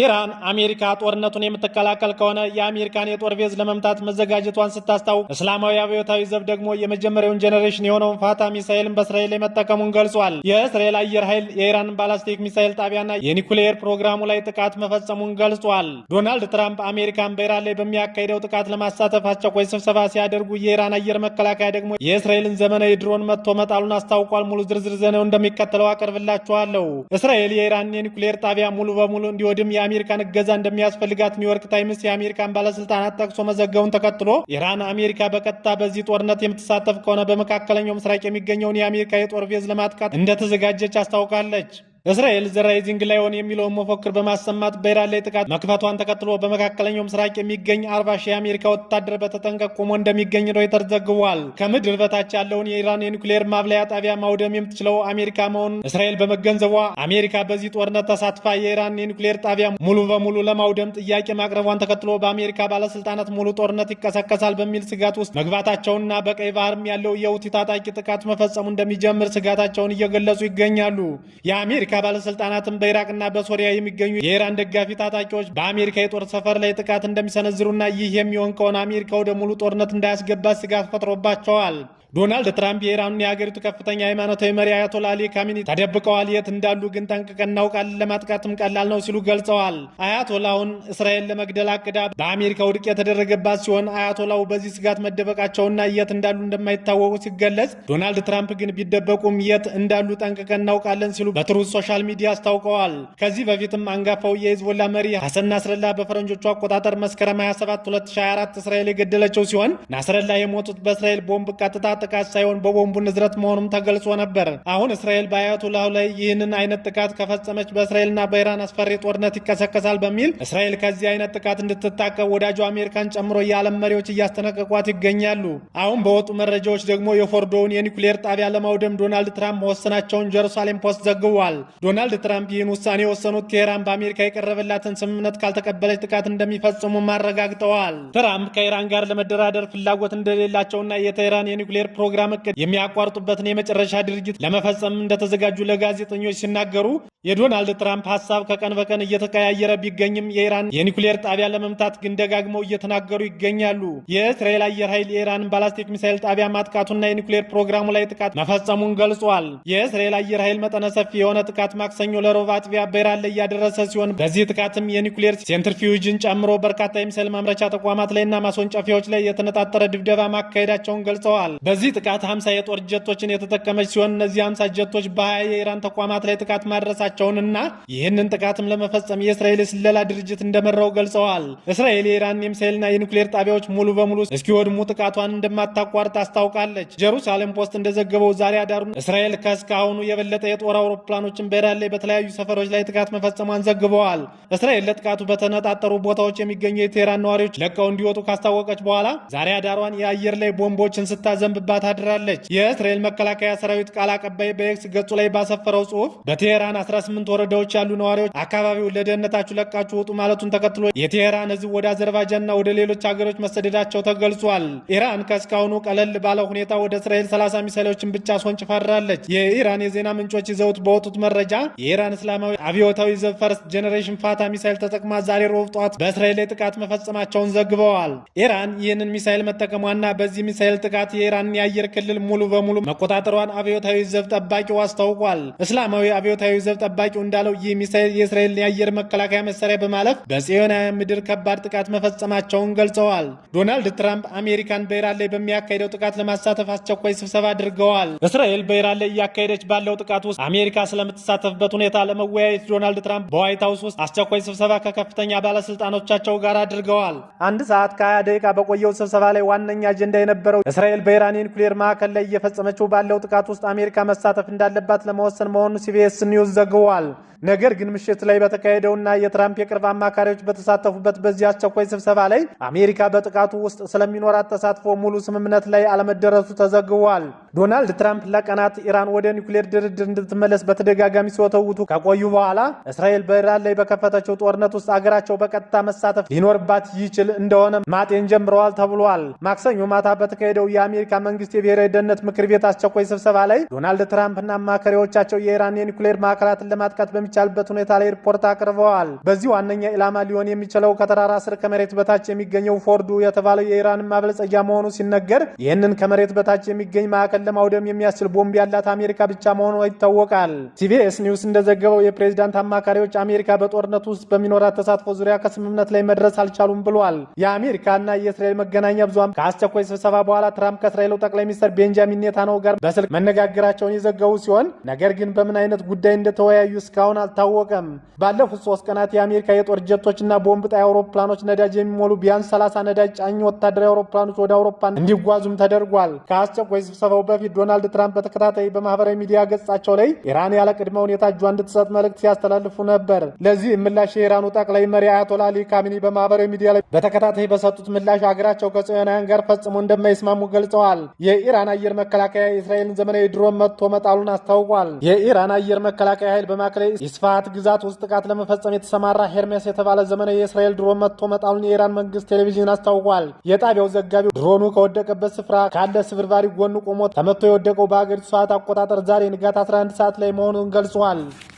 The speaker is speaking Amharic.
ኢራን አሜሪካ ጦርነቱን የምትቀላቀል ከሆነ የአሜሪካን የጦር ቤዝ ለመምታት መዘጋጀቷን ስታስታውቅ እስላማዊ አብዮታዊ ዘብ ደግሞ የመጀመሪያውን ጄኔሬሽን የሆነውን ፋታ ሚሳኤልን በእስራኤል ላይ መጠቀሙን ገልጿል። የእስራኤል አየር ኃይል የኢራንን ባላስቲክ ሚሳኤል ጣቢያና የኒኩሌየር ፕሮግራሙ ላይ ጥቃት መፈጸሙን ገልጿል። ዶናልድ ትራምፕ አሜሪካን በኢራን ላይ በሚያካሂደው ጥቃት ለማሳተፍ አስቸኳይ ስብሰባ ሲያደርጉ የኢራን አየር መከላከያ ደግሞ የእስራኤልን ዘመናዊ ድሮን መጥቶ መጣሉን አስታውቋል። ሙሉ ዝርዝር ዘነው እንደሚከተለው አቀርብላችኋለሁ። እስራኤል የኢራንን የኒኩሌየር ጣቢያ ሙሉ በሙሉ እንዲወድም የአሜሪካን እገዛ እንደሚያስፈልጋት ኒውዮርክ ታይምስ የአሜሪካን ባለስልጣናት ጠቅሶ መዘገቡን ተከትሎ ኢራን አሜሪካ በቀጥታ በዚህ ጦርነት የምትሳተፍ ከሆነ በመካከለኛው ምስራቅ የሚገኘውን የአሜሪካ የጦር ቤዝ ለማጥቃት እንደተዘጋጀች አስታውቃለች። እስራኤል ዘ ራይዚንግ ላዮን የሚለውን መፎክር በማሰማት በኢራን ላይ ጥቃት መክፈቷን ተከትሎ በመካከለኛው ምስራቅ የሚገኝ አርባ ሺህ የአሜሪካ ወታደር በተጠንቀቅ ቆሞ እንደሚገኝ ሮይተር ዘግቧል። ከምድር በታች ያለውን የኢራን የኒውክሌር ማብለያ ጣቢያ ማውደም የምትችለው አሜሪካ መሆኑን እስራኤል በመገንዘቧ አሜሪካ በዚህ ጦርነት ተሳትፋ የኢራን የኒውክሌር ጣቢያ ሙሉ በሙሉ ለማውደም ጥያቄ ማቅረቧን ተከትሎ በአሜሪካ ባለስልጣናት ሙሉ ጦርነት ይቀሰቀሳል በሚል ስጋት ውስጥ መግባታቸውና በቀይ ባህርም ያለው የውቲ ታጣቂ ጥቃት መፈጸሙ እንደሚጀምር ስጋታቸውን እየገለጹ ይገኛሉ። የአሜሪካ የአሜሪካ ባለስልጣናትም በኢራቅና በሶሪያ የሚገኙ የኢራን ደጋፊ ታጣቂዎች በአሜሪካ የጦር ሰፈር ላይ ጥቃት እንደሚሰነዝሩና ይህ የሚሆን ከሆነ አሜሪካ ወደ ሙሉ ጦርነት እንዳያስገባ ስጋት ፈጥሮባቸዋል። ዶናልድ ትራምፕ የኢራኑን የሀገሪቱ ከፍተኛ ሃይማኖታዊ መሪ አያቶላ አሊ ካሚኒ ተደብቀዋል፣ የት እንዳሉ ግን ጠንቅቀን እናውቃለን፣ ለማጥቃትም ቀላል ነው ሲሉ ገልጸዋል። አያቶላውን እስራኤል ለመግደል አቅዳ በአሜሪካ ውድቅ የተደረገባት ሲሆን አያቶላው በዚህ ስጋት መደበቃቸውና የት እንዳሉ እንደማይታወቁ ሲገለጽ፣ ዶናልድ ትራምፕ ግን ቢደበቁም የት እንዳሉ ጠንቅቀን እናውቃለን ሲሉ በትሩዝ ሶሻል ሚዲያ አስታውቀዋል። ከዚህ በፊትም አንጋፋው የሂዝቦላ መሪ ሐሰን ናስረላ በፈረንጆቹ አቆጣጠር መስከረም 27 2024 እስራኤል የገደለችው ሲሆን ናስረላ የሞቱት በእስራኤል ቦምብ ቀጥታ ጥቃት ሳይሆን በቦምቡ ንዝረት መሆኑም ተገልጾ ነበር። አሁን እስራኤል በአያቱላሁ ላይ ይህንን አይነት ጥቃት ከፈጸመች በእስራኤልና በኢራን አስፈሪ ጦርነት ይቀሰቀሳል በሚል እስራኤል ከዚህ አይነት ጥቃት እንድትታቀብ ወዳጁ አሜሪካን ጨምሮ የዓለም መሪዎች እያስጠነቀቋት ይገኛሉ። አሁን በወጡ መረጃዎች ደግሞ የፎርዶውን የኒኩሌር ጣቢያ ለማውደም ዶናልድ ትራምፕ መወሰናቸውን ጀሩሳሌም ፖስት ዘግቧል። ዶናልድ ትራምፕ ይህን ውሳኔ የወሰኑት ቴህራን በአሜሪካ የቀረበላትን ስምምነት ካልተቀበለች ጥቃት እንደሚፈጽሙ አረጋግጠዋል። ትራምፕ ከኢራን ጋር ለመደራደር ፍላጎት እንደሌላቸውና የቴህራን የኒኩሌር ፕሮግራም እቅድ የሚያቋርጡበትን የመጨረሻ ድርጊት ለመፈጸም እንደተዘጋጁ ለጋዜጠኞች ሲናገሩ የዶናልድ ትራምፕ ሀሳብ ከቀን በቀን እየተቀያየረ ቢገኝም የኢራን የኒኩሌር ጣቢያ ለመምታት ግን ደጋግመው እየተናገሩ ይገኛሉ። የእስራኤል አየር ኃይል የኢራን ባላስቲክ ሚሳይል ጣቢያ ማጥቃቱና የኒኩሌር ፕሮግራሙ ላይ ጥቃት መፈጸሙን ገልጿል። የእስራኤል አየር ኃይል መጠነ ሰፊ የሆነ ጥቃት ማክሰኞ ለሮብ አጥቢያ በኢራን ላይ እያደረሰ ሲሆን በዚህ ጥቃትም የኒኩሌር ሴንትሪፊዩጅን ጨምሮ በርካታ የሚሳይል ማምረቻ ተቋማት ላይና ማስወንጨፊያዎች ላይ የተነጣጠረ ድብደባ ማካሄዳቸውን ገልጸዋል። በዚህ ጥቃት 50 የጦር ጀቶችን የተጠቀመች ሲሆን እነዚህ 50 ጀቶች በሀያ የኢራን ተቋማት ላይ ጥቃት ማድረሳቸውንና ይህንን ጥቃትም ለመፈጸም የእስራኤል ስለላ ድርጅት እንደመራው ገልጸዋል። እስራኤል የኢራን የሚሳኤልና የኒውክሌር ጣቢያዎች ሙሉ በሙሉ እስኪወድሙ ጥቃቷን እንደማታቋርጥ አስታውቃለች። ጀሩሳሌም ፖስት እንደዘገበው ዛሬ አዳሩን እስራኤል ከእስካሁኑ የበለጠ የጦር አውሮፕላኖችን በኢራን ላይ በተለያዩ ሰፈሮች ላይ ጥቃት መፈጸሟን ዘግበዋል። እስራኤል ለጥቃቱ በተነጣጠሩ ቦታዎች የሚገኙ የቴህራን ነዋሪዎች ለቀው እንዲወጡ ካስታወቀች በኋላ ዛሬ አዳሯን የአየር ላይ ቦምቦችን ስታዘንብባ ስትደርስባት አድራለች። የእስራኤል መከላከያ ሰራዊት ቃል አቀባይ በኤክስ ገጹ ላይ ባሰፈረው ጽሁፍ በቴሄራን 18 ወረዳዎች ያሉ ነዋሪዎች አካባቢውን ለደህንነታችሁ ለቃችሁ ውጡ ማለቱን ተከትሎ የቴሄራን ህዝብ ወደ አዘርባጃንና ወደ ሌሎች ሀገሮች መሰደዳቸው ተገልጿል። ኢራን ከእስካሁኑ ቀለል ባለ ሁኔታ ወደ እስራኤል 30 ሚሳይሎችን ብቻ አስወንጭፋለች። የኢራን የዜና ምንጮች ይዘውት በወጡት መረጃ የኢራን እስላማዊ አብዮታዊ ዘብ ፈርስት ጄኔሬሽን ፋታ ሚሳይል ተጠቅማ ዛሬ ሮብ ጠዋት በእስራኤል ላይ ጥቃት መፈጸማቸውን ዘግበዋል። ኢራን ይህንን ሚሳይል መጠቀሟና በዚህ ሚሳይል ጥቃት የኢራን የአየር ክልል ሙሉ በሙሉ መቆጣጠሯን አብዮታዊ ዘብ ጠባቂው አስታውቋል። እስላማዊ አብዮታዊ ዘብ ጠባቂው እንዳለው ይህ ሚሳኤል የእስራኤል የአየር መከላከያ መሳሪያ በማለፍ በጽዮናውያን ምድር ከባድ ጥቃት መፈጸማቸውን ገልጸዋል። ዶናልድ ትራምፕ አሜሪካን በኢራን ላይ በሚያካሄደው ጥቃት ለማሳተፍ አስቸኳይ ስብሰባ አድርገዋል። እስራኤል በኢራን ላይ እያካሄደች ባለው ጥቃት ውስጥ አሜሪካ ስለምትሳተፍበት ሁኔታ ለመወያየት ዶናልድ ትራምፕ በዋይት ሀውስ ውስጥ አስቸኳይ ስብሰባ ከከፍተኛ ባለስልጣኖቻቸው ጋር አድርገዋል። አንድ ሰዓት ከ20 ደቂቃ በቆየው ስብሰባ ላይ ዋነኛ አጀንዳ የነበረው እስራኤል በኢራን የኒኩሌር ማዕከል ላይ እየፈጸመችው ባለው ጥቃት ውስጥ አሜሪካ መሳተፍ እንዳለባት ለመወሰን መሆኑን ሲቢኤስ ኒውስ ዘግቧል። ነገር ግን ምሽት ላይ በተካሄደውና የትራምፕ የቅርብ አማካሪዎች በተሳተፉበት በዚህ አስቸኳይ ስብሰባ ላይ አሜሪካ በጥቃቱ ውስጥ ስለሚኖራት ተሳትፎ ሙሉ ስምምነት ላይ አለመደረሱ ተዘግቧል። ዶናልድ ትራምፕ ለቀናት ኢራን ወደ ኒውክሌር ድርድር እንድትመለስ በተደጋጋሚ ሲወተውቱ ከቆዩ በኋላ እስራኤል በኢራን ላይ በከፈተችው ጦርነት ውስጥ አገራቸው በቀጥታ መሳተፍ ሊኖርባት ይችል እንደሆነ ማጤን ጀምረዋል ተብሏል። ማክሰኞ ማታ በተካሄደው የአሜሪካ መንግስት የብሔራዊ ደህንነት ምክር ቤት አስቸኳይ ስብሰባ ላይ ዶናልድ ትራምፕ እና አማካሪዎቻቸው የኢራን የኒውክሌር ማዕከላትን ለማጥቃት በሚ በሚቻልበት ሁኔታ ላይ ሪፖርት አቅርበዋል። በዚህ ዋነኛ ኢላማ ሊሆን የሚችለው ከተራራ ስር ከመሬት በታች የሚገኘው ፎርዱ የተባለው የኢራን ማበልጸጊያ መሆኑ ሲነገር ይህንን ከመሬት በታች የሚገኝ ማዕከል ለማውደም የሚያስችል ቦምብ ያላት አሜሪካ ብቻ መሆኑ ይታወቃል። ሲቢኤስ ኒውስ እንደዘገበው የፕሬዚዳንት አማካሪዎች አሜሪካ በጦርነት ውስጥ በሚኖራት ተሳትፎ ዙሪያ ከስምምነት ላይ መድረስ አልቻሉም ብሏል። የአሜሪካ እና የእስራኤል መገናኛ ብዙሃን ከአስቸኳይ ስብሰባ በኋላ ትራምፕ ከእስራኤሉ ጠቅላይ ሚኒስትር ቤንጃሚን ኔታንያሁ ጋር በስልክ መነጋገራቸውን የዘገቡ ሲሆን ነገር ግን በምን አይነት ጉዳይ እንደተወያዩ እስካሁን አልታወቀም። ባለፉት ሶስት ቀናት የአሜሪካ የጦር ጀቶችና ቦምብ ጣይ አውሮፕላኖች ነዳጅ የሚሞሉ ቢያንስ 30 ነዳጅ ጫኝ ወታደራዊ አውሮፕላኖች ወደ አውሮፓ እንዲጓዙም ተደርጓል። ከአስቸኳይ ስብሰባው በፊት ዶናልድ ትራምፕ በተከታታይ በማህበራዊ ሚዲያ ገጻቸው ላይ ኢራን ያለ ቅድመ ሁኔታ እጇ እንድትሰጥ መልእክት ሲያስተላልፉ ነበር። ለዚህ ምላሽ የኢራኑ ጠቅላይ መሪ አያቶላ አሊ ካሚኒ በማህበራዊ ሚዲያ ላይ በተከታታይ በሰጡት ምላሽ አገራቸው ከጽዮናውያን ጋር ፈጽሞ እንደማይስማሙ ገልጸዋል። የኢራን አየር መከላከያ የእስራኤልን ዘመናዊ ድሮን መጥቶ መጣሉን አስታውቋል። የኢራን አየር መከላከያ ኃይል በማዕከላዊ የስፋት ግዛት ውስጥ ጥቃት ለመፈጸም የተሰማራ ሄርሜስ የተባለ ዘመናዊ የእስራኤል ድሮን መጥቶ መጣሉን የኢራን መንግስት ቴሌቪዥን አስታውቋል። የጣቢያው ዘጋቢ ድሮኑ ከወደቀበት ስፍራ ካለ ስብርባሪ ጎን ቆሞ ተመቶ የወደቀው በአገሪቱ ሰዓት አቆጣጠር ዛሬ ንጋት 11 ሰዓት ላይ መሆኑን ገልጿል።